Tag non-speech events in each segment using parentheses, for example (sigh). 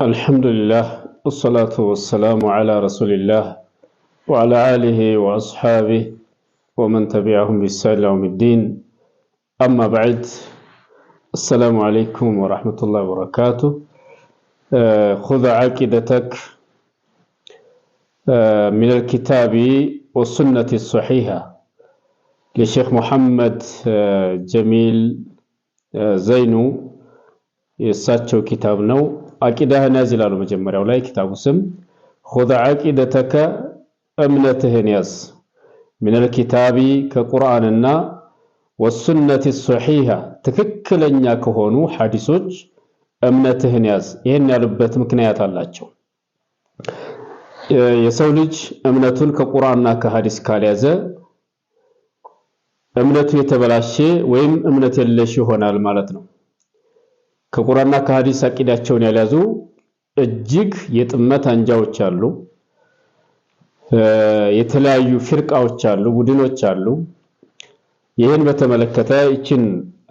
الحمد لله والصلاة والسلام على رسول الله وعلى آله وأصحابه ومن تبعهم بإحسان يوم الدين أما بعد السلام عليكم ورحمة الله وبركاته خذ عقيدتك من الكتاب والسنة الصحيحة لشيخ محمد جميل زينو የእሳቸው ኪታብ ነው። አቂዳህን ያዝ ይላሉ መጀመሪያው ላይ ኪታቡ ስም ሁዘ አቂደተከ እምነትህን ያዝ ሚነል ኪታቢ ከቁርአንና ወሱነቲ ሶሒሃ ትክክለኛ ከሆኑ ሐዲሶች እምነትህን ያዝ። ይህን ያሉበት ምክንያት አላቸው። የሰው ልጅ እምነቱን ከቁርአንና ከሐዲስ ካልያዘ እምነቱ የተበላሸ ወይም እምነት የለሽ ይሆናል ማለት ነው። ከቁራና ከሀዲስ አቂዳቸውን ያልያዙ እጅግ የጥመት አንጃዎች አሉ። የተለያዩ ፊርቃዎች አሉ፣ ቡድኖች አሉ። ይህን በተመለከተ ይችን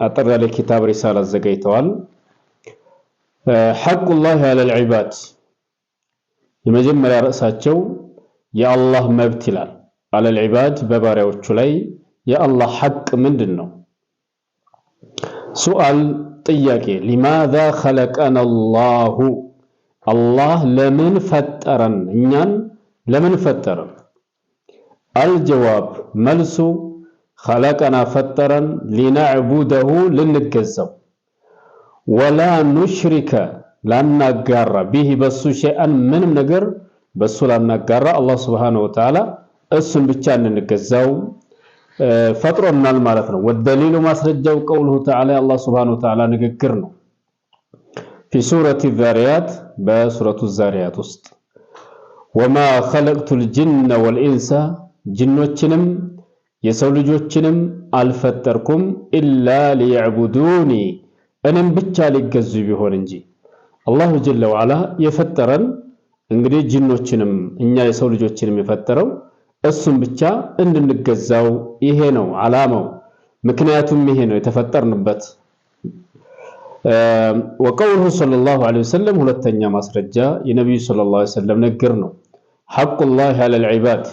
አጠር ያለ ኪታብ ሪሳል አዘጋጅተዋል። ሐቁላህ አለል ዒባድ የመጀመሪያ ርዕሳቸው የአላህ መብት ይላል። አለል ዒባድ በባሪያዎቹ ላይ የአላህ ሐቅ ምንድን ነው? ሱአል ጥያቄ ሊማዛ ኸለቀን አላህ ለምን ፈጠረን እኛን ለምን ፈጠረን አልጀዋብ መልሱ ኸለቀና ፈጠረን ሊናዕቡደሁ ልንገዛው ወላ ኑሽሪከ ላናጋራ ቢህ በሱ ሸይአን ምንም ነገር በሱ ላናጋራ አላህ ስብሓነሁ ወተዓላ እሱን ብቻ እንንገዛው ፈጥሮናል ማለት ነው። ወደሊሉ ማስረጃው ቀውሉሁ ተዓላ አላህ ሱብሓነሁ ወተዓላ ንግግር ነው። ፊ ሱረቲ ዛሪያት በሱረቱ ዛሪያት ውስጥ ወማ ኸለቅቱል ጅነ ወልኢንሳ ጅኖችንም የሰው ልጆችንም አልፈጠርኩም ኢላ ሊያዕቡዱኒ እኔም ብቻ ሊገዙ ቢሆን እንጂ አላሁ ጀለ ወዓላ የፈጠረን እንግዲህ ጅኖችንም እኛ የሰው ልጆችንም የፈጠረው እሱን ብቻ እንድንገዛው ይሄ ነው ዓላማው። ምክንያቱም ይሄ ነው የተፈጠርንበት። ወቀውሉ ሰለላሁ ዐለይሂ ወሰለም ሁለተኛ ማስረጃ የነቢዩ ሰለላሁ ዐለይሂ ወሰለም ንግር ነው። ሐቁላህ ዐለል ዒባድ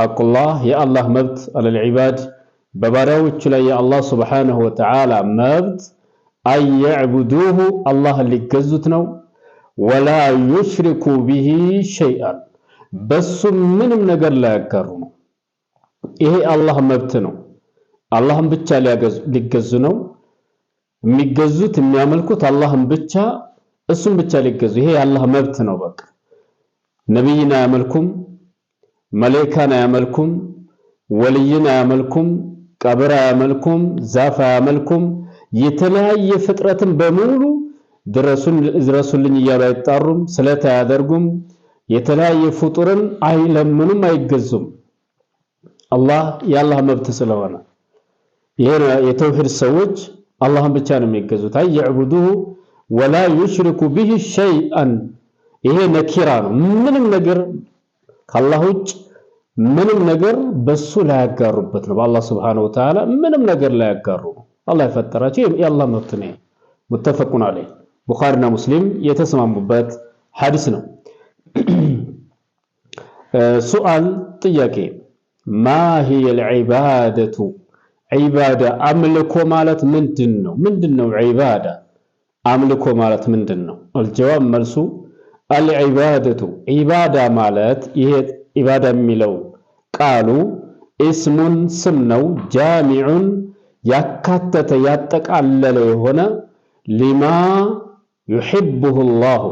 ሐቁላህ የአላህ መብት ዐለል ዒባድ በባሪያዎቹ ላይ የአላህ ሱብሓነሁ ወተዓላ መብት አየዕቡዱሁ አላህን ሊገዙት ነው። ወላ ዩሽሪኩ ቢሂ ሸይአን በሱ ምንም ነገር ላያጋሩ ነው። ይሄ አላህ መብት ነው። አላህን ብቻ ሊገዙ ነው የሚገዙት የሚያመልኩት አላህን ብቻ እሱም ብቻ ሊገዙ ይሄ የአላህ መብት ነው። በቃ ነቢይን አያመልኩም፣ መሌካን አያመልኩም፣ ወልይን አያመልኩም፣ ቀብር አያመልኩም፣ ዛፍ አያመልኩም። የተለያየ ፍጥረትን በሙሉ ድረሱልኝ እያሉ አይጣሩም፣ ስለት አያደርጉም። የተለያየ ፍጡርን አይለምኑም፣ አይገዙም። አላህ የአላህ መብት ስለሆነ ይሄ የተውሂድ ሰዎች አላህን ብቻ ነው የሚገዙት። አየዕቡዱሁ ወላ ዩሽሪኩ ቢሂ ሸይአን። ይሄ ነኪራ ነው። ምንም ነገር ከአላህ ውጭ ምንም ነገር በሱ ላያጋሩበት ነው። በአላህ ስብሓነሁ ወተዓላ ምንም ነገር ላያጋሩ አላህ የፈጠራቸው የአላህ መብት ነው። ሙተፈቁን አለይህ ቡኻሪና ሙስሊም የተስማሙበት ሐዲስ ነው። (clears throat) ሱአል ጥያቄ ማሂየል ዒባደቱ ዒባዳ አምልኮ ማለት ምንድን ነው? ምንድን ነው ዒባዳ አምልኮ ማለት ምንድን ነው? አልጀዋብ መልሱ አልዒባደቱ ዒባዳ ማለት ይሄ ዒባዳ የሚለው ቃሉ ኢስሙን ስም ነው። ጃሚዑን ያካተተ ያጠቃለለ የሆነ ሊማ ዩሕብሁ ላሁ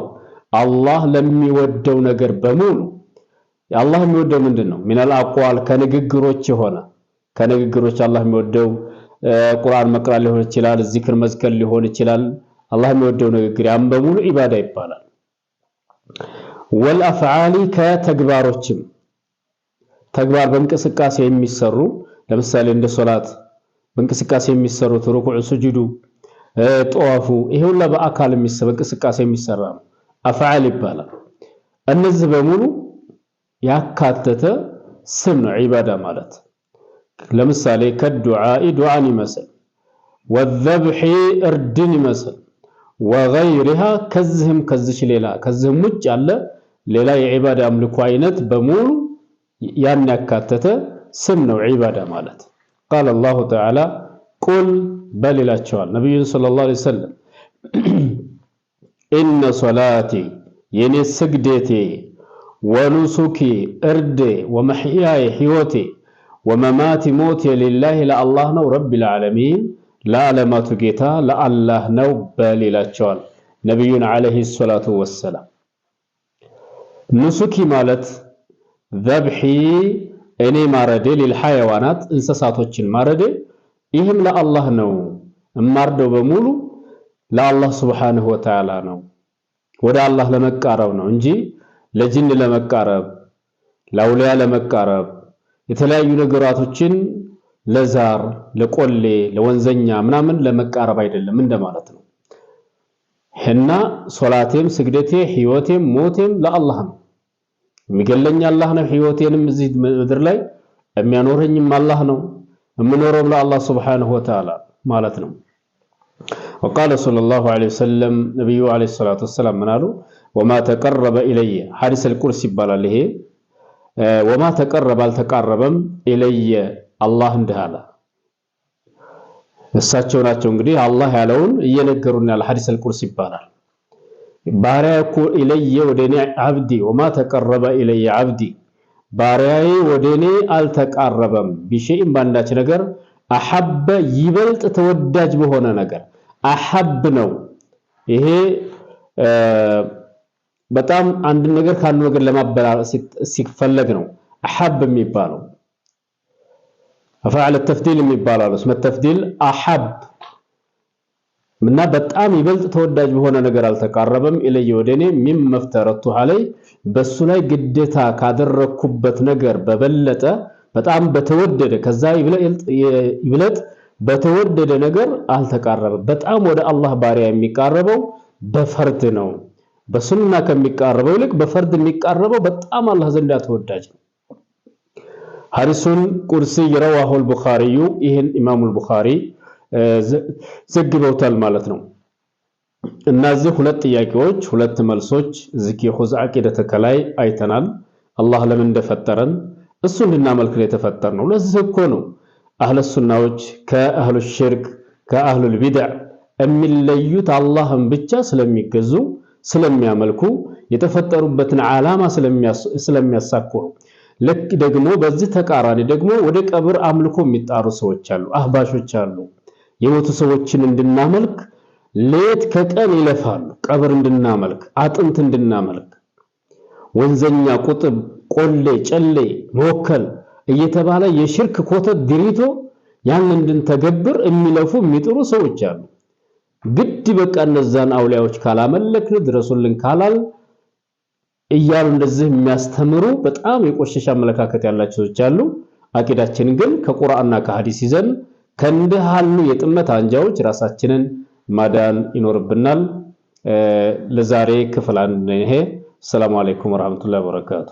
አላህ ለሚወደው ነገር በሙሉ አላህ የሚወደው ምንድን ነው? ሚነል አቋል ከንግግሮች የሆነ ከንግግሮች አላህ የሚወደው ቁርአን መቅራት ሊሆን ይችላል፣ ዚክር መዝከር ሊሆን ይችላል። አላህ የሚወደው ንግግር ያም በሙሉ ኢባዳ ይባላል። ወልአፍዓሊ ከተግባሮችም ተግባር በእንቅስቃሴ የሚሰሩ ለምሳሌ እንደ ሶላት በእንቅስቃሴ የሚሰሩት ሩኩዕ፣ ስጁዱ፣ ጦዋፉ ይሄ ሁላ በአካል በእንቅስቃሴ የሚሰራ ነው። አፍዓል ይባላል። እነዚህ በሙሉ ያካተተ ስም ነው ዒባዳ ማለት። ለምሳሌ ከዱዓኢ ዱዓን ይመስል፣ ወዘብሒ እርድን ይመስል፣ ወገይሪሃ ከዚህም ከዚች ሌላ ከዚህም ውጭ ያለ ሌላ የዒባዳ አምልኮ አይነት በሙሉ ያን ያካተተ ስም ነው ዒባዳ ማለት። ቃለ አላሁ ተዓላ ቁል በል ይላቸዋል ነቢዩን ሰለላሁ ዐለይሂ ወሰለም ኢነ ሶላቴ የኔ ስግደቴ ወኑሱኪ እርዴ ወመሕያዬ ሕይወቴ ወመማቲ ሞቴ ሊላሂ ለአላህ ነው ረቢል ዓለሚን ለዓለማቱ ጌታ ለአላህ ነው በል ይላቸዋል ነቢዩን ዓለይሂ ሰላቱ ወሰላም። ኑሱኪ ማለት ዘብሒ እኔ ማረዴ ሊልሐይዋናት እንስሳቶችን ማረዴ ይህም ለአላህ ነው እማርደው በሙሉ ለአላህ ስብሓንሁ ወተዓላ ነው። ወደ አላህ ለመቃረብ ነው እንጂ ለጅን ለመቃረብ ለአውልያ ለመቃረብ የተለያዩ ነገራቶችን ለዛር ለቆሌ ለወንዘኛ ምናምን ለመቃረብ አይደለም እንደማለት ነው። እና ሶላቴም ስግደቴ ህይወቴም ሞቴም ለአላህ ነው። የሚገለኝ አላህ ነው። ህይወቴንም እዚህ ምድር ላይ የሚያኖረኝም አላህ ነው። የምኖረውም ለአላህ ስብሓንሁ ወተዓላ ማለት ነው። ወቃለ ሰለላሁ ዐለይሂ ወሰለም ነቢዩ ዐለይሂ ሰላቱ ወሰላም ምን አሉ? ወማ ተቀረበ ኢለየ ሐዲስ አልቁርስ ይባላል ይሄ። ወማ ተቀረበ አልተቃረበም ኢለየ አላህ እንዲህ አለ። እሳቸው ናቸው እንግዲህ አላህ ያለውን እየነገሩን ያለ ሐዲስ አልቁርስ ይባላል። ባሪያ እኮ ኢለየ ወደኔ አብዲ ወማ ተቀረበ ኢለየ አብዲ ባሪያዬ ወደኔ አልተቃረበም ቢሸይም ባንዳች ነገር አሐበ ይበልጥ ተወዳጅ በሆነ ነገር አሐብ ነው። ይሄ በጣም አንድ ነገር ከአንዱ ነገር ለማበራር ሲፈለግ ነው አሐብ የሚባለው። አፍዓለ ተፍዲል የሚባለው እስመ ተፍዲል አሐብ እና በጣም ይበልጥ ተወዳጅ በሆነ ነገር አልተቃረበም። ኢለየ ወደኔ ሚም መፍተረቱ አለይ በሱ ላይ ግዴታ ካደረኩበት ነገር በበለጠ በጣም በተወደደ ከዛ ይብለጥ በተወደደ ነገር አልተቃረበም። በጣም ወደ አላህ ባሪያ የሚቃረበው በፈርድ ነው። በሱና ከሚቃረበው ይልቅ በፈርድ የሚቃረበው በጣም አላህ ዘንድ ተወዳጅ ነው። ሐዲሱን ቁርሲ የረዋሁል ቡኻሪዩ ይህን ኢማሙል ቡኻሪ ዘግበውታል ማለት ነው። እነዚህ ሁለት ጥያቄዎች ሁለት መልሶች እዚህ የኹዝ ዐቂደተ ከላይ አይተናል። አላህ ለምን እንደፈጠረን እሱ እንድናመልክ የተፈጠር ነው። ለዚህ እኮ ነው አህለ ሱናዎች ከአህሉ ሽርክ ከአህሉል ቢድዕ የሚለዩት አላህን ብቻ ስለሚገዙ ስለሚያመልኩ የተፈጠሩበትን ዓላማ ስለሚያሳኩሩ ነው። ልክ ደግሞ በዚህ ተቃራኒ ደግሞ ወደ ቀብር አምልኮ የሚጣሩ ሰዎች አሉ፣ አህባሾች አሉ። የሞቱ ሰዎችን እንድናመልክ ሌት ከቀን ይለፋሉ። ቀብር እንድናመልክ፣ አጥንት እንድናመልክ፣ ወንዘኛ፣ ቁጥብ፣ ቆሌ፣ ጨሌ መወከል እየተባለ የሽርክ ኮተት ድሪቶ ያን እንድንተገብር የሚለፉ የሚጥሩ ሰዎች አሉ። ግድ በቃ እነዛን አውሊያዎች ካላመለክን ድረሱልን ካላል እያሉ እንደዚህ የሚያስተምሩ በጣም የቆሸሸ አመለካከት ያላቸው ሰዎች አሉ። አቂዳችን ግን ከቁርአንና ከሐዲስ ይዘን ከእንዲህ ያሉ የጥመት አንጃዎች ራሳችንን ማዳን ይኖርብናል። ለዛሬ ክፍል አንድ ይሄ። ሰላም አለይኩም ወራህመቱላሂ ወበረካቱ።